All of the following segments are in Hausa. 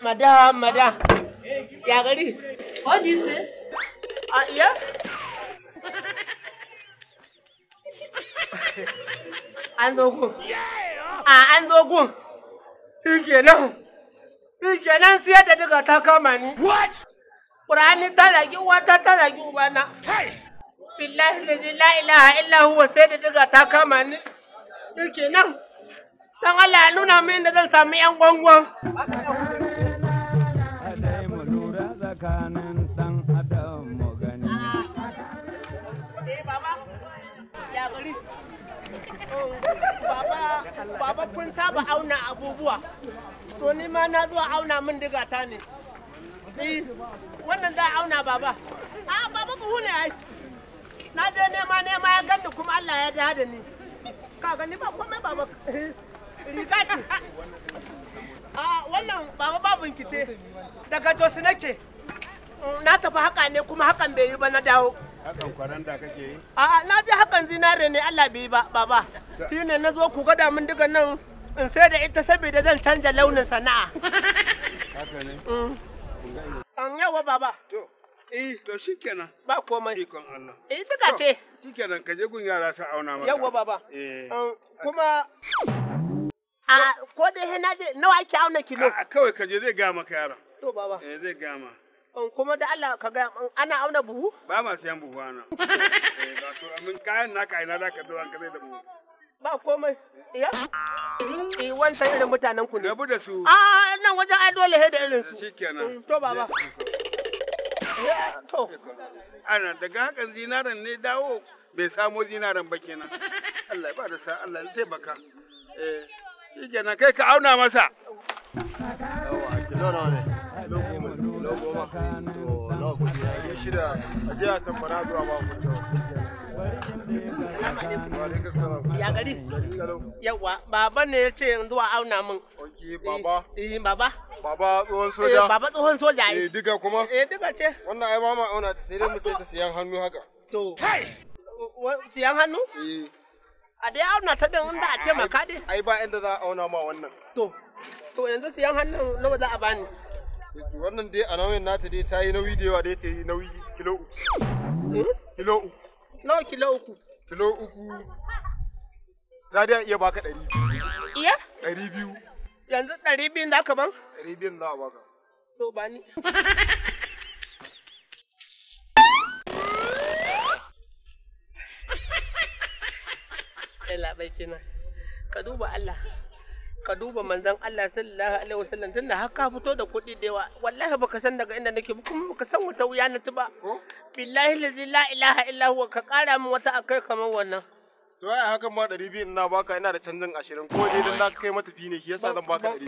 Madam, madam. Ya gari? What do you say? Uh, yeah? an zo gun. A ah, an zo gun. Shi kenan. Shi kenan siyar da duka ta kama ni. What? ƙur'ani ta zagi uwata ta zagi na billahi la ilaha illa huwa sai da daga ta kama ni nan dan Allah ya nuna min da zan samu yan gwangwan Baba kun saba auna abubuwa, to ni ma na zuwa auna min digata ne. Eh, wannan za a auna baba a ah, baba ku hune ai na je nema nema ya ganda kuma Allah ya da ni ka gani ba komai baba eh, riga ce a ah, wannan baba babun ki ce daga Jos nake na tafi haka ne kuma hakan bai yi ba na dawo hakan kwaranda kake yi a ah, na je hakan zinare ne Allah bai yi ba baba shine na zo ku gada min diga nan in sai da ita saboda zan canja launin sana'a haka ne mm. An yawa baba. To, eh to shikenan. Ba komai. Ikon Allah. Eh duka ce. Shikenan ka je gun yara su auna maka. Yawa baba. Eh. Kuma a ko da he na je nawa ake auna kilo? A kawai ka je zai ga maka yaron. To baba. Eh zai ga ma. kuma da Allah ka ga ana auna buhu? Ba ma sayan buhu ana. Eh, to kayan naka ina za ka zo an ka zai da buhu. Ba komai. Iya? Eh wancan irin mutanen ku ne. Rabu da su. Ah nan wajen ai dole he da irin su. Shikenan. Mm, to baba. To. Ana daga hakan zinaran ne dawo bai samo zinaran ba kenan. Allah ba da sa Allah ya baka. Eh. Shikenan kai ka auna masa. Yawa, kilo nawa ne? Kilo goma. Kilo goma. A jiya san Ya Yawa, baba ne ya ce yanzu a auna min. baba. Eh, eh, baba. Baba tsohon eh, soja. Eh, baba tsohon soja. Eh, diga kuma. Eh, diga ce. Wannan ai mama auna ta sai dai mu sai ta siyan hannu haka. To. Siyan hannu? Eh. A dai auna ta din inda a taimaka dai. Ai ba inda za a auna ma wannan. To. To yanzu siyan hannu nawa za a bani? Eh, wannan dai a nauyin nata dai ta yi nauyi da yawa dai ta yi nauyi kilo uku. Kilo uku. Nawa kilo uku? Kilo uku. Za da iya baka ɗari biyu. Iya? Ɗari biyu. Yanzu ɗari biyun za ka ban? Ɗari biyun za a baka. To ba ni. Yalla bai kenan. Ka duba Allah. ka duba manzon Allah sallallahu alaihi wasallam tunda har ka fito da kuɗi da yawa wallahi baka san daga inda nake kuma baka san wata wuya na ci ba billahi la ilaha illa huwa ka kara min wata akai kamar wannan to ai hakan ma 200 ina baka ina da canjin 20 ko dai dan zaka kai mata fi ne ki yasa zan baka 200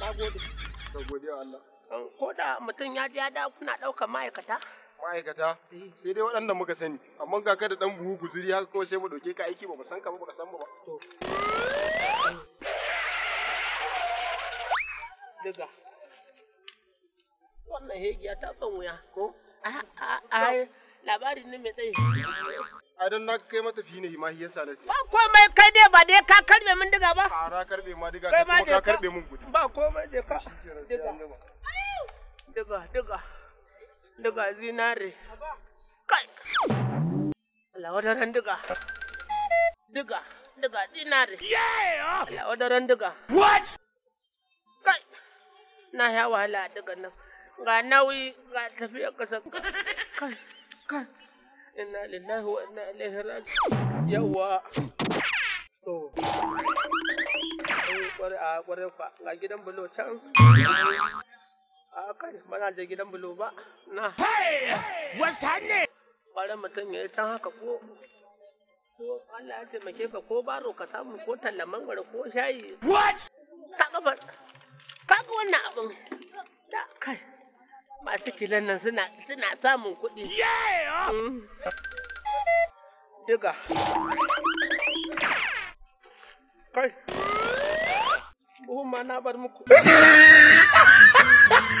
nagode nagode Allah ko da mutum ya ji ya da kuna ɗaukar ma'aikata ma'aikata sai dai waɗanda muka sani amma ga ka da dan buhu guzuri haka kawai sai mu dauke ka aiki ba mu san ka ba ba san mu ba. daga Wannan hegiya ta ban wuya. Ko? a a labarin ne mai tsayi. A don na kai mata fi ne ma hiyar salasi. Ba komai kai dai ba dai ka karbe min diga ba. a ra karbe ma diga kai kuma ka karbe min gudu. Ba komai dai ka. Diga. Diga, diga. diga zinare kai lawadaran diga diga diga zinare yeah lawadaran diga what kai na ya wahala diga nan ga nauyi ga tafiya kasa kai kai inna lillahi wa inna ilaihi raji'un yawa to kwarai eh, a kwarai fa ga gidan bulo can A kai, bana da gidan bulo ba. Na. Hey! What's happening? Ƙwarar mutum ya yi can haka ko ko Allah ya taimake ka ko baro ka samu ko tallan mangoro ko shayi. What? Kaga ba kaga wannan abin da kai masu kilan nan suna suna samun kuɗi. Yeah! Mm. Diga. Kai. Buhun ma na bar muku.